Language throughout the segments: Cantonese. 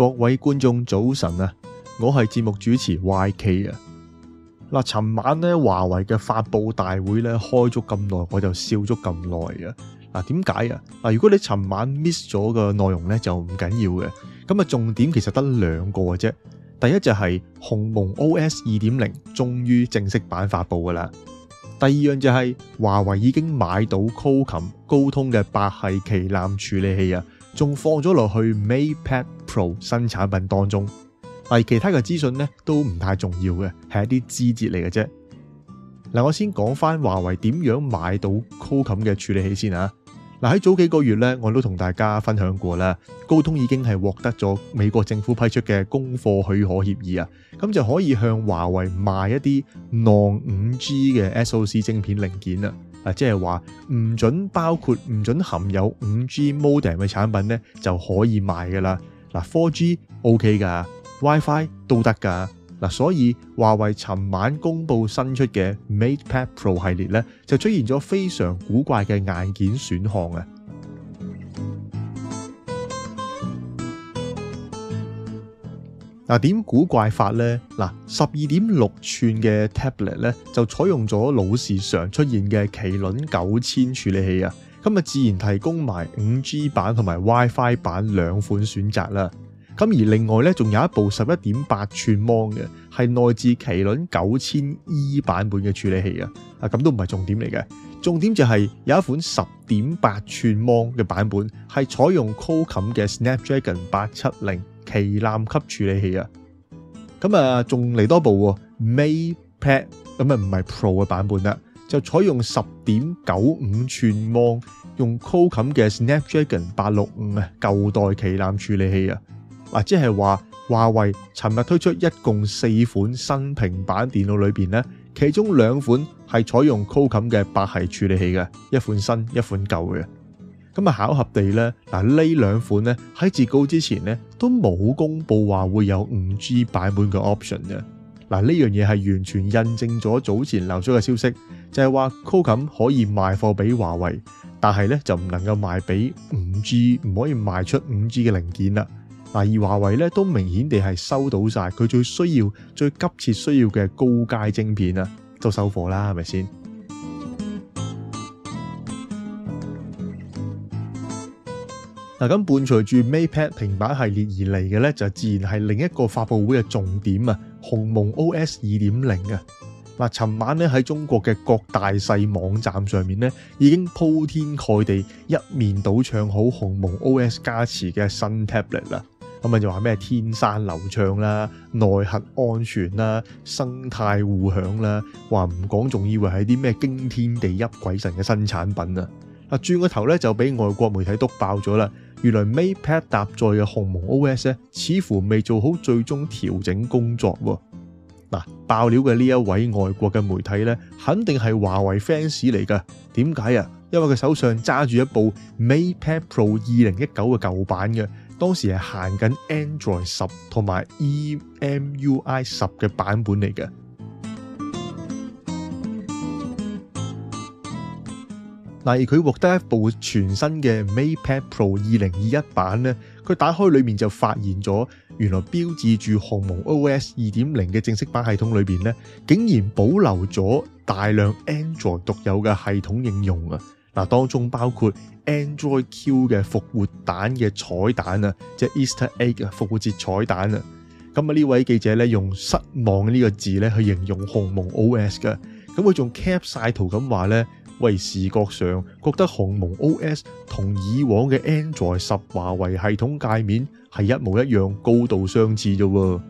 各位觀眾早晨啊，我係節目主持 YK 啊。嗱，尋晚咧華為嘅發佈大會咧開咗咁耐，我就笑咗咁耐啊。嗱，點解啊？嗱，如果你尋晚 miss 咗個內容咧就唔緊要嘅。咁啊，重點其實得兩個嘅啫。第一就係鴻蒙 OS 二點零終於正式版發佈噶啦。第二樣就係、是、華為已經買到 Qualcomm 高通嘅八系旗艦處理器啊，仲放咗落去 MatePad。Pro、新產品當中，係其他嘅資訊咧，都唔太重要嘅，係一啲枝節嚟嘅啫。嗱，我先講翻華為點樣買到 Qualcomm 嘅處理器先啊。嗱，喺早幾個月呢，我都同大家分享過啦。高通已經係獲得咗美國政府批出嘅供貨許可協議啊，咁就可以向華為賣一啲 non 五 G 嘅 S O C 晶片零件啦。啊，即係話唔准包括唔准含有五 G modem 嘅產品呢，就可以賣噶啦。嗱，4G OK 㗎，WiFi 都得㗎。嗱，所以華為尋晚公布新出嘅 Mate Pad Pro 系列咧，就出現咗非常古怪嘅硬件選項啊！嗱，點古怪法呢？嗱，十二點六吋嘅 tablet 咧，就採用咗老是常出現嘅麒麟九千處理器啊！咁咪自然提供埋 5G 版同埋 WiFi 版兩款選擇啦。咁而另外咧，仲有一部十一點八寸芒嘅，係內置麒麟九千 E 版本嘅處理器啊。啊，咁都唔係重點嚟嘅。重點就係有一款十點八寸芒嘅版本係採用 Qualcomm 嘅 Snapdragon 八七零旗艦級處理器啊。咁、哦、啊，仲嚟多部 Mate Pad 咁啊，唔係、哦哦嗯、Pro 嘅版本啦。就採用十點九五寸螢幕，用高通嘅 Snapdragon 八六五啊，舊代旗艦處理器啊，即係話華為尋日推出一共四款新平板電腦裏邊咧，其中兩款係採用高通嘅八系處理器嘅，一款新，一款舊嘅。咁啊，巧合地咧，嗱呢兩款咧喺自告之前咧都冇公布話會有五 G 版本嘅 option 嘅。嗱呢樣嘢係完全印證咗早前流出嘅消息。就係話，Qualcomm 可以賣貨俾華為，但係咧就唔能夠賣俾五 G，唔可以賣出五 G 嘅零件啦。嗱，而華為咧都明顯地係收到晒佢最需要、最急切需要嘅高階晶片啊，都收貨啦，係咪先？嗱，咁伴隨住 Mate Pad 平板系列而嚟嘅咧，就自然係另一個發佈會嘅重點啊，鴻蒙 OS 二點零啊！嗱，尋晚咧喺中國嘅各大細網站上面咧，已經鋪天蓋地一面倒唱好鴻蒙 OS 加持嘅新 tablet 啦。咁啊，就話咩天生流暢啦、內核安全啦、生態互享啦，話唔講仲以為係啲咩驚天地泣鬼神嘅新產品啊！嗱，轉個頭咧就俾外國媒體篤爆咗啦。原來 MatePad 搭載嘅鴻蒙 OS 咧，似乎未做好最終調整工作喎。爆料嘅呢一位外國嘅媒體呢，肯定係華為 fans 嚟㗎。點解啊？因為佢手上揸住一部 Mate Pad Pro 二零一九嘅舊版嘅，當時係行緊 Android 十同埋 EMUI 十嘅版本嚟嘅。嗱，而佢獲得一部全新嘅 MatePad Pro 2021版呢，佢打開裏面就發現咗，原來標誌住鴻蒙 OS 2.0嘅正式版系統裏面呢竟然保留咗大量 Android 獨有嘅系統應用啊！嗱，當中包括 Android Q 嘅復活蛋嘅彩蛋啊，即係 Easter Egg 啊，復活節彩蛋啊！咁啊，呢位記者咧用失望呢、呢個字咧去形容鴻蒙 OS 嘅，咁佢仲 cap 晒圖咁話呢為視覺上覺得鴻蒙 OS 同以往嘅 Android 10華為系統界面係一模一樣，高度相似啫。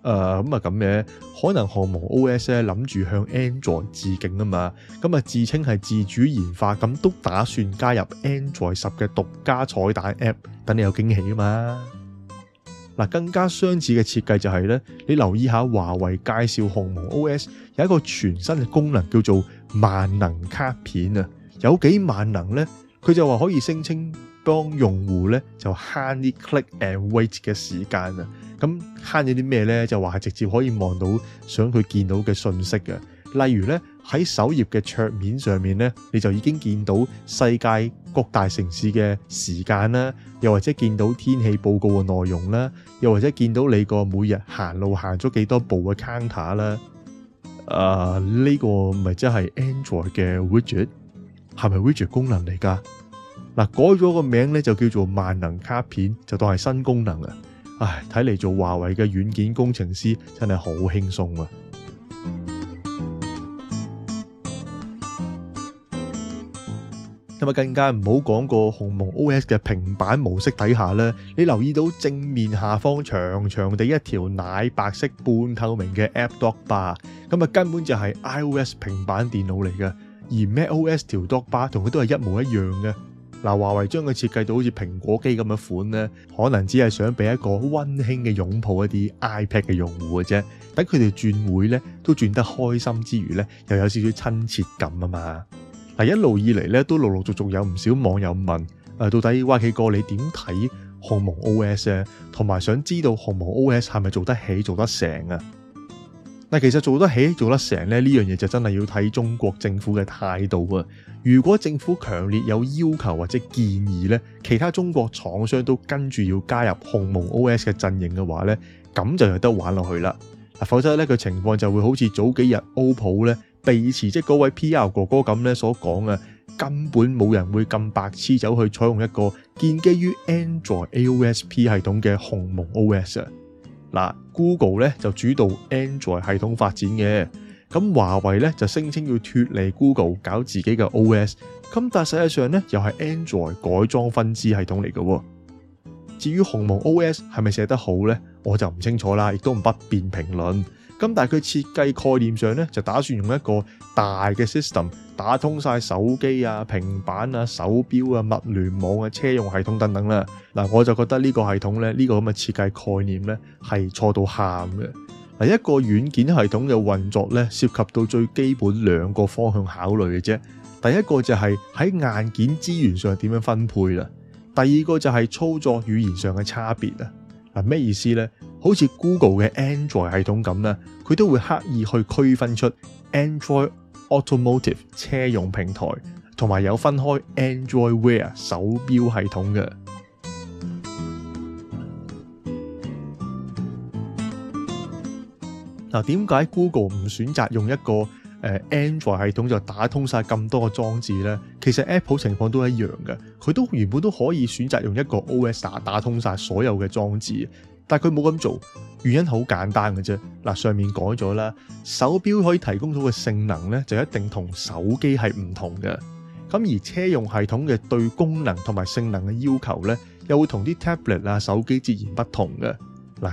誒、呃，咁啊咁嘅，可能鴻蒙 OS 咧諗住向 Android 致敬啊嘛。咁啊自稱係自主研發，咁都打算加入 Android 10嘅獨家彩蛋 App，等你有驚喜啊嘛。嗱，更加相似嘅設計就係、是、咧，你留意下華為介紹鴻蒙 OS 有一個全新嘅功能叫做。萬能卡片啊，有幾萬能呢？佢就話可以聲稱幫用戶咧就慳啲 click and wait 嘅時間啊。咁慳咗啲咩呢？就話係直接可以望到想佢見到嘅信息嘅。例如呢，喺首頁嘅桌面上面呢，你就已經見到世界各大城市嘅時間啦，又或者見到天氣報告嘅內容啦，又或者見到你個每日行路行咗幾多步嘅 counter 啦。誒，呢個咪即係 Android 嘅 widget，係咪 widget 功能嚟噶？嗱，改咗個名咧就叫做萬能卡片，就當係新功能啦。唉，睇嚟做華為嘅軟件工程師真係好輕鬆啊！更加唔好講過鴻蒙 OS 嘅平板模式底下咧，你留意到正面下方長長地一條奶白色半透明嘅 App Dock bar，咁啊根本就係 iOS 平板電腦嚟嘅，而 MacOS 條 Dock bar 同佢都係一模一樣嘅。嗱，華為將佢設計到好似蘋果機咁嘅款咧，可能只係想俾一個溫馨嘅擁抱一啲 iPad 嘅用戶嘅啫，等佢哋轉會咧都轉得開心之餘咧，又有少少親切感啊嘛。一路以嚟咧，都陸陸續續有唔少網友問，啊、到底 YK 哥你點睇鴻蒙 OS 同埋想知道鴻蒙 OS 係咪做得起、做得成啊？嗱，其實做得起、做得成咧，呢樣嘢就真係要睇中國政府嘅態度啊！如果政府強烈有要求或者建議咧，其他中國廠商都跟住要加入鴻蒙 OS 嘅陣營嘅話咧，咁就有得玩落去啦。否則咧，個情況就會好似早幾日 OPPO 咧。被辭職嗰位 P.R. 哥哥咁咧所講啊，根本冇人會咁白痴走去採用一個建基於 Android AOSP 系統嘅鴻蒙 OS 啊！嗱，Google 咧就主導 Android 系統發展嘅，咁華為咧就聲稱要脫離 Google 搞自己嘅 OS，咁但係實際上咧又係 Android 改裝分支系統嚟嘅喎。至於鴻蒙 OS 係咪寫得好呢，我就唔清楚啦，亦都唔不便評論。咁但係佢設計概念上呢，就打算用一個大嘅 system 打通晒手機啊、平板啊、手錶啊、物聯網啊、車用系統等等啦。嗱，我就覺得呢個系統咧，呢、這個咁嘅設計概念呢，係錯到喊嘅。嗱，一個軟件系統嘅運作呢，涉及到最基本兩個方向考慮嘅啫。第一個就係喺硬件資源上點樣分配啦。第二個就係操作語言上嘅差別啊！嗱，咩意思呢？好似 Google 嘅 Android 系統咁咧，佢都會刻意去區分出 Android Automotive 車用平台，同埋有分開 Android Wear 手錶系統嘅。嗱，點解 Google 唔選擇用一個、呃、Android 系統就打通晒咁多個裝置呢？其實 Apple 情況都一樣嘅，佢都原本都可以選擇用一個 OS 打打通晒所有嘅裝置，但佢冇咁做，原因好簡單嘅啫。嗱，上面改咗啦，手錶可以提供到嘅性能咧，就一定同手機係唔同嘅。咁而車用系統嘅對功能同埋性能嘅要求咧，又會同啲 tablet 啊手機截然不同嘅。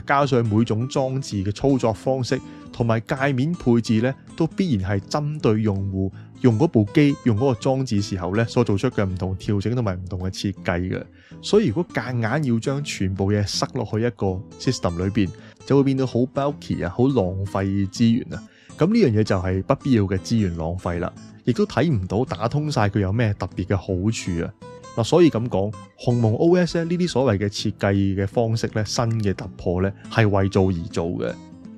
加上每種裝置嘅操作方式同埋界面配置咧，都必然係針對用戶用嗰部機、用嗰個裝置時候咧所做出嘅唔同調整同埋唔同嘅設計嘅。所以如果夾硬要將全部嘢塞落去一個 system 裏邊，就會變到好 bulky 啊，好浪費資源啊。咁呢樣嘢就係不必要嘅資源浪費啦，亦都睇唔到打通晒佢有咩特別嘅好處啊。嗱，所以咁講，鴻蒙 OS 呢啲所謂嘅設計嘅方式咧，新嘅突破咧，係為做而做嘅。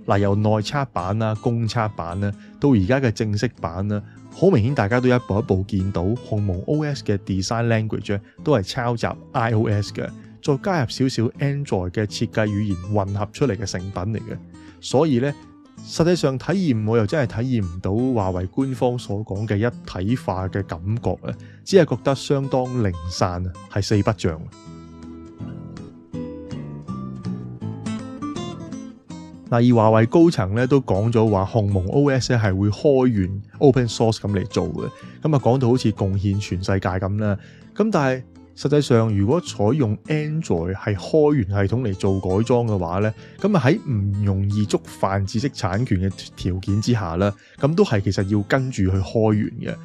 嗱，由內測版啦、公測版咧到而家嘅正式版啦，好明顯大家都一步一步見到鴻蒙 OS 嘅 design language 都係抄襲 iOS 嘅，再加入少少 Android 嘅設計語言混合出嚟嘅成品嚟嘅，所以呢。實際上體驗我又真係體驗唔到華為官方所講嘅一體化嘅感覺咧，只係覺得相當零散啊，係四不像。嗱，而華為高層咧都講咗話鴻蒙 OS 咧係會開源 open source 咁嚟做嘅，咁啊講到好似貢獻全世界咁啦，咁但係。實際上，如果採用 Android 係開源系統嚟做改裝嘅話呢，咁啊，喺唔容易觸犯知識產權嘅條件之下呢，咁都係其實要跟住去開源嘅。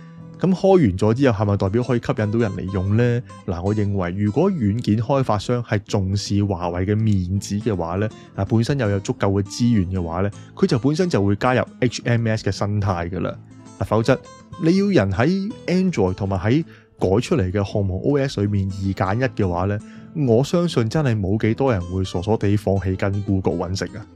咁開源咗之後，係咪代表可以吸引到人嚟用呢？嗱，我認為如果軟件開發商係重視華為嘅面子嘅話呢，嗱本身又有足夠嘅資源嘅話呢，佢就本身就會加入 HMS 嘅生態噶啦。嗱，否則你要人喺 Android 同埋喺改出嚟嘅項目，OS 裏面二揀一嘅話呢，我相信真係冇幾多人會傻傻地放棄跟 Google 揾食啊！